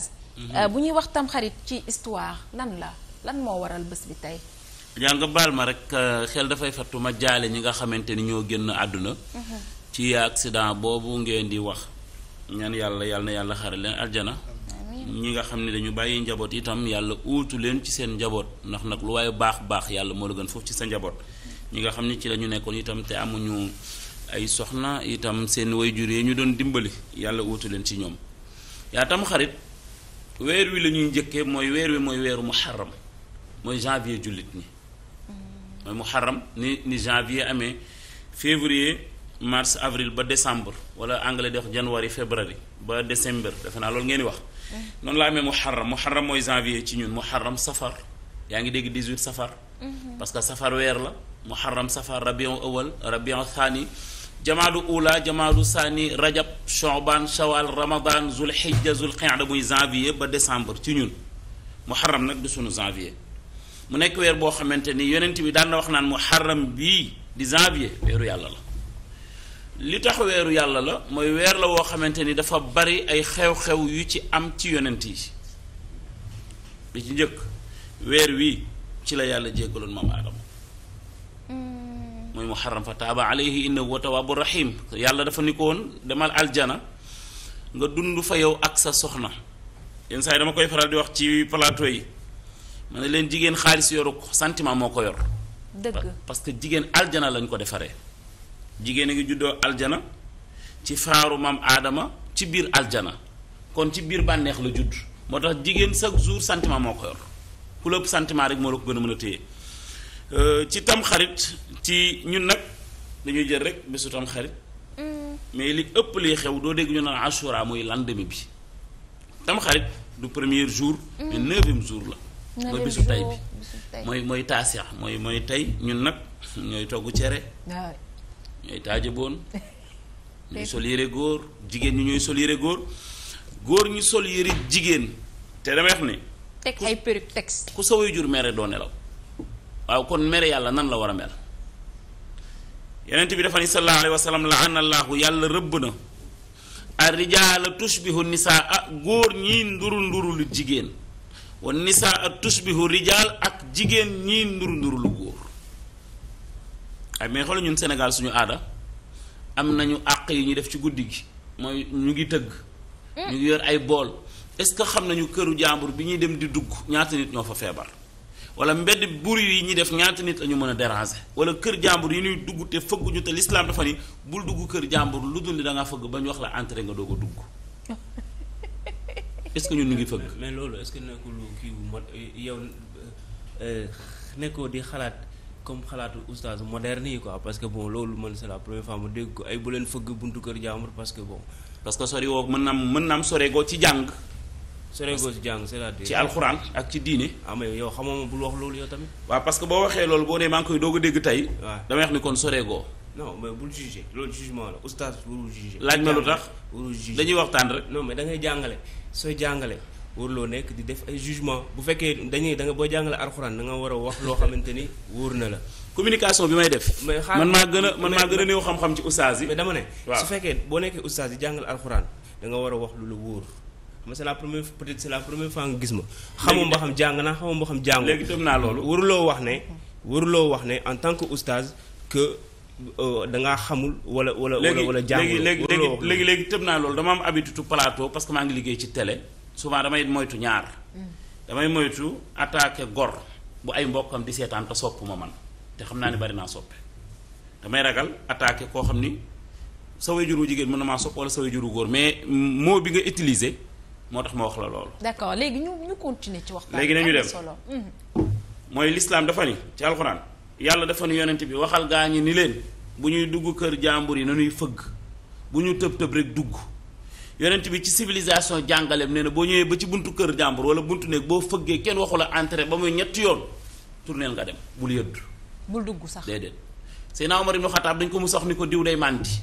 Mhm. Euh, bu ñuy wax tamxarit ci histoire lan la lan moo waral bés bi tey. yaa baal ma rek euh, xel dafay fattu ma jaale ñi nga xamante ni ñoo génn àdduna. Mhm. ci accident boobu ngeen di wax. ñaan yàlla yàlla na yàlla xare leen aljana. ñi nga xam ne dañu bàyyi njaboot itam yàlla uutu leen ci seen njaboot ndax nag lu waaye baax baax yàlla moo la gën foofu ci sa njaboot. ñi nga xam ne ci la ñu nekkoon itam te amuñu ay soxna itam seen way jur yi ñu doon dimbali yàlla uutu leen ci ñoom yaa tam xarit. weer wi la ñuy njëkkee mooy weer wi mooy weeru muharram mooy janvier jullit ñi mooy muharram ni ni janvier amee février mars avril ba décembre wala anglais di wax january février ba décembre defe naa loolu ngeen di wax noonu la amee muharram muharram mooy janvier ci ñun muharram safar yaa ngi dégg 18 safar mhm. parce que safar weer la muharram safar rabion awal rabion thani jamaadu ula jamaadu saani rajab choban shawal ramadan zulhijja zulqaada muy janvier ba décembre ci ñun muharram nag du sunu janvier mu nekk weer boo xamante ni yonent bi daan na wax naan muharram bii di janvier weeru yàlla la li tax weeru yàlla la mooy weer la woo xamante ni dafa bari ay xew-xew yu ci am ci yonent yi li ci njëkk weer wii ci la yàlla jéggaloon maa aadama muharram fa taaba alayhi innahu wa tawaabu rahim yàlla dafa ni ko woon demal aljana nga dund fa yow ak sa soxna yenn saa yi dama koy faral di wax ci palaato yi ma ne leen jigéen xaalis yoru ko moo ko yor dëgg parce que jigéen aljana lañ ko defaree jigéen a ngi juddoo aljana ci faaru maam aadama ci biir aljana kon ci biir bànneex la judd moo tax jigéen chaque jour sentiment moo ko yor ku lépp sentiment rek moo la ko gën a mën a téye euh, ci tam xarit ci ñun nag dañuy jël rek bésu tam xarit mm. mais li ëpp li xew doo dégg ñu naan Ashura mooy lendemain bi tam du première jour mm. mais neuvième jour la mooy bésu tay bi mooy mooy taasix mooy mooy tey ñun nag ñooy togg cere ñooy taajaboon ñooy sol yére góor jigéen ñi ñooy sol yére góor góor ñi sol yére jigéen te dama wax ne teg ay perruque texte ku sa way jur mere doo nelaw waaw kon mere yàlla nan la war a mel yonent bi dafa ni sallallahu alayhi wa sallam la yàlla rëbb na arrijaala tushbihu nisaa a góor ñii nduru nduru lu jigéen wa nisaa a tushbihu rijaal ak jigéen ñii nduru nduru lu góor ay mais xool ñun Sénégal suñu aada am nañu àq yi ñu def ci guddi gi mooy ñu ngi tëgg hmm. ñu ngi yor ay bool est-ce que xam nañu këru jàmbur bi ñuy dem di dugg ñaata nit ñoo fa feebar wala mbedd buri yi ñuy def ñaata nit la ñu mën a déranger wala kër jàmbur yi ñuy dugg te fëgguñu te l'islam dafa ni bul dugg kër jàmbur lu dul ni da fëgg ba ñu wax la entrée nga doog a dugg est-ce que ñun ñu ngi fëgg. mais loolu est-ce que nekkul kii yow euh, nekkoo di xalaat comme xalaatu oustaz moderne yi quoi parce que bon loolu man c'est la première fois mu dégg ko ay bu leen fëgg buntu kër jàmbur parce que bon. parce que sori woo mën naam mën naa naam soreegoo ci jàng. sërëgoo si jàng c'est-à-dire ci alxuraan ak ci diine. ah mais yow xamoo ma bul wax loolu yow tamit. waa parce que boo waxee loolu boo ne maa ngi koy doog a dégg tey. waaw damay wax ni kon sërëgoo. non mais bul jugé loolu jugement la oustaz laaj ma lu tax warul jugé dañuy waxtaan rek. non da ngay jàngale sooy jàngale. wóoruloo nekk di def ay jugement bu fekkee dañuy da nga boo jàngale alxuraan da nga war a wax loo xamante ni wóor na la. communication bi may def. man maa a man maa gën a néew xam-xam ci oustaz yi. mais dama ne. su boo nekkee oustaz yi jàngale alxuraan war a wax lu la wóor ma la première peut-être c'est la première fois ma. xamuma ba xam jàng naa xamuma ba xam jàng. léegi tëm naa loolu. waruloo wax ne waruloo wax ne en tant que oustaz que euh, da ngaa xamul wala wala wala wala. jàngul léegi léegi léegi léegi tëm naa loolu dama am habitude plateau parce que maa ngi liggéey ci télé souvent damay moytu ñaar. Mm. damay moytu attaqué gor ay mbokkam di seetaan te sopp ma man te xam naa ne bari naa soppe damay ragal attaqué koo xam ni sa way juru jigéen mën na maa sopp wala sa way juru góor mais moo bi nga utiliser. moo tax ma wax la loolu. d'accord léegi ñu ñu continuer ci waxtaan. léegi nañu dem hmm. mm-hmm. mooy lislaam dafa ni yàlla dafa ni bi waxal gaa ñi ni leen bu ñuy dugg kër jàmbur yi na ñuy fëgg bu ñu tëb tëb rek dugg yonent bi ci civilisation jàngaleem nee na boo ñëwee ba ci buntu kër jàmbur wala buntu néeg boo fëggee kenn waxu la entrée ba muy ñetti yoon tourneel nga dem bul yëdd. bul dugg sax déedéet. Seydina Omar ibn Khattab dañ ko mu sox ni ko diw day màndi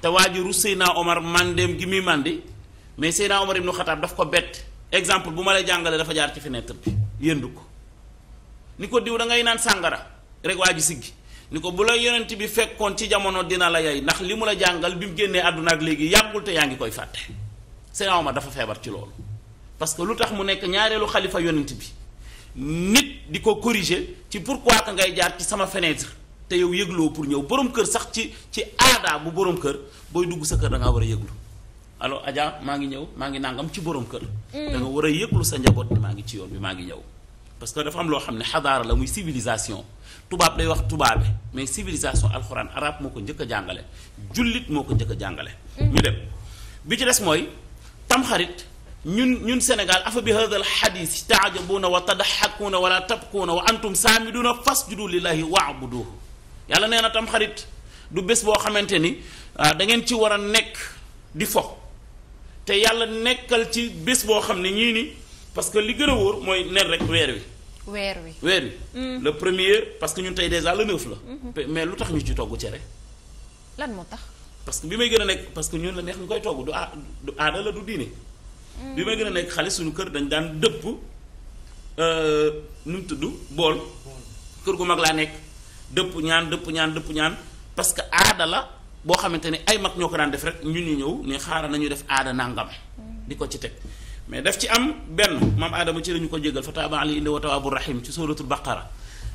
te waajuru Seydina Omar mandem gi muy mandi mais Seydina Omar ibnu Xataab daf ko bett exemple bu ma lay jàngalee dafa jaar ci fenêtre bi yëndu ko ni ko diw da ngay naan sàngara rek waa ji siggi ni ko bu la yonent bi fekkoon ci jamono dina la yay ndax li mu la jàngal bi mu génnee àdduna ak léegi yàggul te yaa ngi koy fàtte Seydina Omar dafa feebar ci loolu parce que lu tax mu nekk ñaareelu xalifa yonent bi nit di ko corriger ci pourquoi que ngay jaar ci sama fenêtre te yow yëgloo pour ñëw borom kër sax ci ci aadaa bu boroom kër booy dugg sa kër da ngaa war a yëglu alors Adja maa ngi ñëw maa ngi nàngam ci borom kër. Mm. da war a yëglu sa njaboot maa ngi ci yoon bi maa ngi ñëw. parce que dafa am loo xam ne xadaara la muy civilisation tubaab day wax tubaabe mais civilisation alxuraan arab moo ko njëkk a jàngale jullit moo ko jëkk a jàngale. Mm. ñu dem bi ci des mooy tamxarit ñun ñun Sénégal afa bi hadal xadis taajabuuna wa tadaxakuuna wala tabkuuna wa antum saamiduuna fasjudu lillahi waabuduhu yàlla nee na tamxarit du bés boo xamante ni ah, da ngeen ci war a nekk di fo te yàlla nekkal ci bés boo xam ne ñii ni parce que li gën a wóor mooy nen rek weer wi. weer wi weer wi. Hmm. le premier parce que ñun tey déjà le neuf la. Hmm. mais lu tax ñu ci togg cere. lan moo tax. parce que bi may gën a nekk parce que ñun la neex ñu koy togg du a du aada la du diine. Hmm. bi may gën a nekk xale suñu kër dañ daan dëpp euh, nu tudd bool. kër gu mag laa nekk. dëpp ñaan dëpp ñaan dëpp ñaan parce que aada la boo xamante ne ay mag ñoo ko daan def rek ñu ñu ñëw ne xaaral nañu def aada nangam di ko ci teg mais daf ci am benn maam aadama ci la ñu ko jégal fa taaba ali indi wa tawaabu rahim ci suratul baqara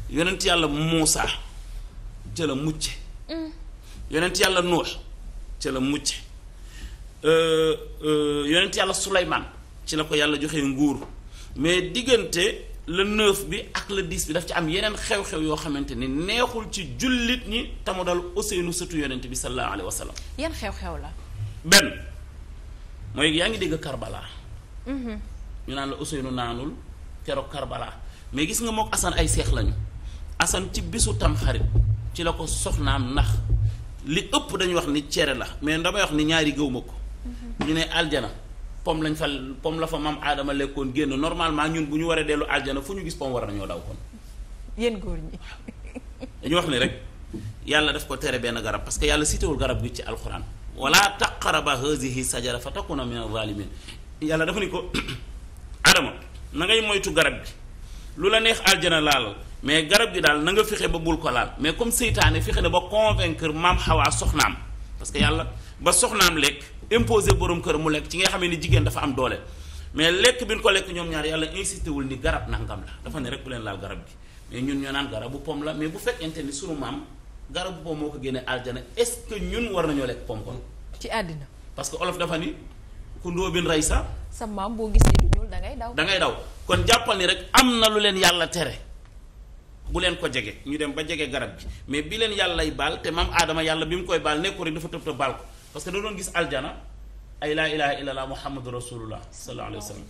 yonent yàlla Muusa ca la mucce yonent yàlla Nuux ca la mucce euh, euh, yonent yàlla Suleymaan ci la ko yàlla joxe nguur mais diggante le neuf bi ak le dix bi daf ci am yeneen xew-xew yoo xamante ni neexul ci jullit ñi tamu dal Ousseynou sëtu yonent bi sallallahu alayhi wa sallam. xew-xew la. benn mooy yaa ngi dégg Karbala. Mhm. ñu naan la Ousseynou naanul keroog Karbala mais gis nga mook Assane ay seex lañu Assane ci bisu tamxarit ci la ko soxnaam ndax li ëpp dañuy wax ni cere la mais damay wax ni ñaari gëw ma ko. Mhm. ñu ne aljana. pom lañ fa pom la fa maam aadama lekkoon génn normalement ñun bu ñu waree dellu aljana fu ñu gis pom war nañoo daw kon. yéen góor ñi. dañu wax ni rek yàlla daf ko tere benn garab parce que yàlla citewul garab gi ci alxuraan. wala taqraba sa jara fa takuna min azalimin yàlla dafa ni ko aadama na ngay moytu garab gi lu la neex aljana laalal mais garab gi daal na nga fexe ba bul ko laal mais comme seytaane fexe na ba kër maam xawaa soxnaam soxnaam imposé borom kër mu lekk ci nga xamee ni jigéen dafa am doole mais lekk bi ñu ko lekk ñoom ñaar yàlla insisté wul ni garab nangam la dafa ne rek leen laal garab gi mais ñun ñoo naan garabu pom la mais bu fekkente ni sunu maam garabu pom moo ko génnee aljana est-ce que ñun war nañoo lekk pom kon. parce que olof dafa ni ku ndóobin rey sa. sa maam boo gisee lu ñuul da daw. da daw kon jàppal rek am na lu leen yàlla tere bu leen ko jege ñu dem ba jege garab gi mais bi leen yàllay baal te maam aadama yàlla bi mu koy baal nekkul rek dafa tëb tëb baal ko. parce que da doon gis aljana ay laa ilaha illallah muhammadu rasulullah sallallahu alayhi wa sallam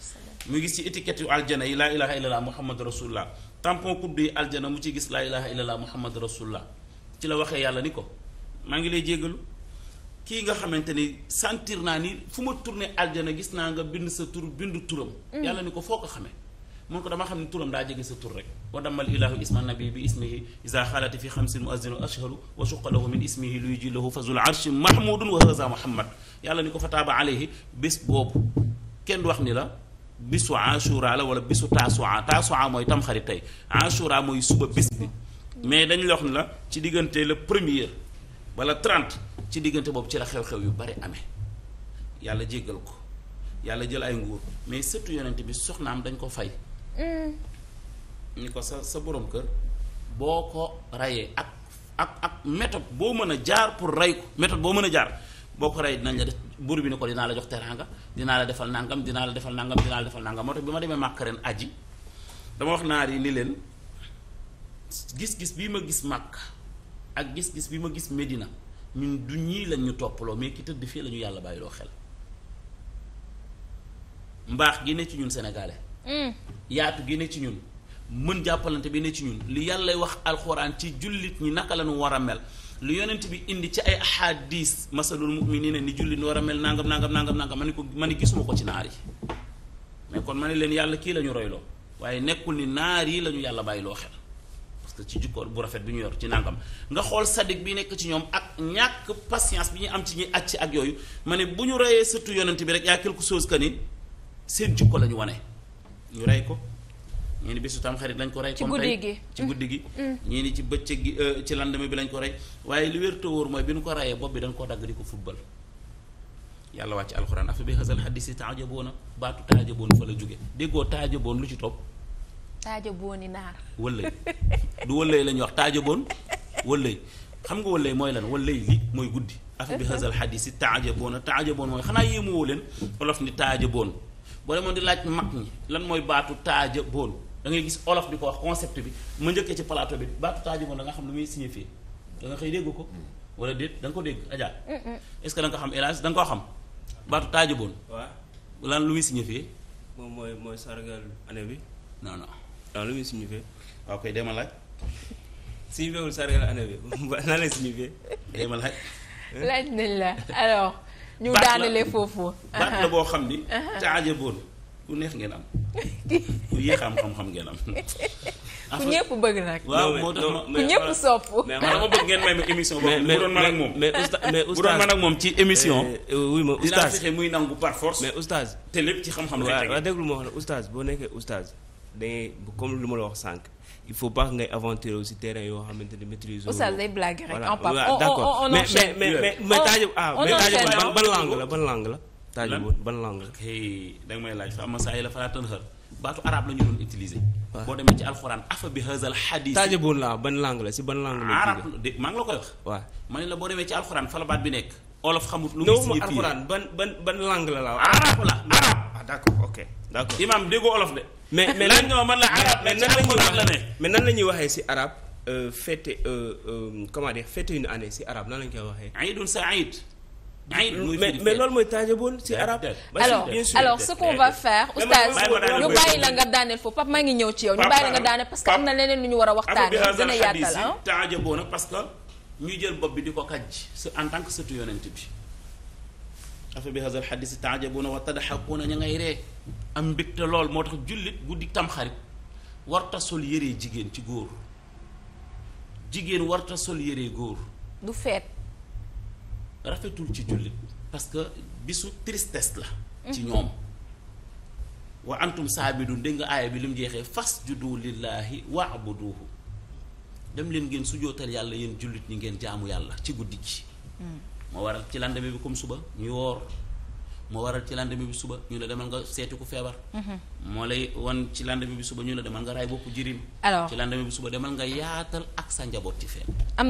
mu gis ci étiquette yu aljana yi laa ilaha illallah muhammadu rasulullah tampon kudd yi aljana mu ci gis laa ilaha illallah muhammadu rasulullah ci la waxee yàlla ni ko maa ngi lay jéggalu kii nga xamante ni sentir naa ni fu ma tourné aljana gis naa nga bind sa tur bind turam mm. yàlla ni ko foo ko xamee mun ko dama xam ne turam daa jege sa tur rek wa damal ilahu isma nabi bi ismihi isa xaalati fi xamsin muazinu ashharu wa suqalahu min ismihi luy ji lahu arshi mahmudun wa muhammad yàlla ni ko fa taaba alayhi bés boobu kenn du wax ni la bisu ashura la wala bisu tasua tasua mooy tamxarit tey ashura mooy suba bés bi mais dañ la wax ni la ci diggante la premier wala trent ci diggante boobu ci la xew-xew yu bari amee yàlla jéggal ko yàlla jël ay nguur mais surtout yonent bi soxnaam dañ ko fay Mm. ni ko sa sa boroom kër boo ko rayee ak ak ak méthode boo mën a jaar pour rey ko méthode boo mën a jaar boo ko rey dinañ la def buur bi ni ko dinaa la jox teraanga dinaa la defal nangam dinaa la defal nangam dinaa la defal nangam moo tax bi ma demee màkk ren aji dama wax naar yi ni leen gis-gis bii ma gis màkk ak gis-gis bi ma gis Medina ñun du ñii lañ ñu toppaloo mais ki tëdd fii lañu ñu yàlla bàyyiloo xel mbaax gi ne ci ñun sénégalais Mm. yaatu gi ne ci ñun mën jàppalante bi ne ci ñun lu yàllay wax alxuraan ci jullit ñi naka la ñu war a mel lu yonent bi indi ci ay ahadis masalul ne ni jullit ñu war a mel nangam nangam nangam nangam ma ni ko ma ne gisuma ko ci naar yi mais kon ma ne leen yàlla kii la ñu royloo waaye nekkul ni naar yi la ñu yàlla bàyyi loo xel parce que ci jikko bu rafet bi ñu yor ci nangam nga xool sadik bi nekk ci ñoom ak ñàkk patience bi ñu am ci ñi àcc ak yooyu ma ne bu ñu reyee surtout yonent bi rek yaa quelque que ni seen jikko la ñu wane ñu rey ko ñii ni bisu tam xarit lañ ko rey ci guddi gi ci guddi gi mm. Mm. ñii ni ci bëccëg gi euh, ci lendemain bi lañ ko rey waaye li wér te mooy bi ñu ko reyee bopp bi dañ koo dagg di ko football yàlla wàcc alxuraan afa bi xasal xaddis yi taajaboona baatu taajaboon fa la jóge déggoo taajaboon lu ci topp taajabooni naar wëllëy du wëllëy la ñuy wax taajaboon wëllëy xam nga wallay mooy lan wallay li mooy guddi afa bi xasal xadis yi taajaboon a taajaboon mooy xanaa yéemuwoo leen olof ni taajaboon boo demoon di laaj mag ñi lan mooy baatu taaja boon da ngay gis olof di ko wax concept bi ma njëkkee ci plateau bi baatu taaja boon da xam lu muy signifié da nga xëy dégg ko wala déet da nga ko dégg Adja est ce que da ko xam hélas da nga koo xam baatu taaja boon waa lan lu muy signifié moom mooy mooy sargal année bi non non waaw lu muy signifié waaw ah, koy demal laaj signifié wul sargal année bi lan lay signifié demal laaj laaj nañ ñu daanalee foofu baat la boo xam ni taajaboon ku neex ngeen am ku yéex am xam-xam ngeen am ku ñëpp bëgg nag waaw moo tax ku ñëpp sopp mais ma bëgg ngeen may ma émission boobu bu doon man ak moom mais bu doon man ak moom ci émission wuy eh, eh, ma oustaz dinaa fexe muy nangu par force mais oustaz te lépp ci xam-xam la waaw déglu ma wax la oustaz boo nekkee oustaz dangay comme lu ma la wax sànq il faut pas ngay aventurer aussi terrain yoo xamante ne maîtrise. oustaz day blague rek en pap on on on mais mais mais mais Tadio ah mais Tadio ban langue la ban langue la. Tadio woon ban langue la. hey danga may laaj fa am saa yi la fa laa baatu arabe la ñu doon utiliser. boo demee ci alxuraan afa bi hazal xadis. taajaboon laa ban langue la si ban langue la. arab maa ngi la koy wax. waaw ma ne la boo demee ci alxuraan fa la baat bi nekk. olof xamut lu mu signifié alxuraan ban ban ban langue la la. arab la arab ah d'accord ok d'accord. imaam déggoo olof de. mais mais lan ñoo man la arab mais nan la ñuy mais nan la ñuy waxee si arab euh, fête euh, euh, comment dire fête une année si arab nan la ñu koy waxee. Aïdun Saïd. mais mais loolu mooy taajaboon ci arab. alors alors ce qu'on va faire. oustaz ñu bàyyi la nga daaneel foofu Pape maa ngi ñëw ci yow. ñu bàyyi la nga daaneel parce que am na leneen lu ñu war a waxtaanee. gën a yaatal ah taajaboon nag parce que ñu jël bopp bi di ko kàjj. en tant que sëtu yonent bi. afa bi hazal xadisi taajabuna wa tadaxakuna ña ngay ree am mbégte lool moo tax jullit guddi tamxarit warta sol yére jigéen ci góor jigéen warta sol yëree góor du feet rafetul ci jullit parce que bisu tristesse la ci mhm. ñoom wa antum saabidun dégg nga aaya bi li jeexee fas judu lillaahi waabuduhu dem leen ngeen sujootal yàlla yéen jullit ñi ngeen jaamu yàlla ci guddi ci moo waral ci lendemain bi comme suba ñu woor moo waral ci lendemain bi suba ñu la demal nga seeti ku feebar. Mm-hmm. moo lay wan ci lendemain bi suba ñu la demal nga raay bopp jirim alors ci lendemain bi suba demal nga yaatal ak sa ci feebar.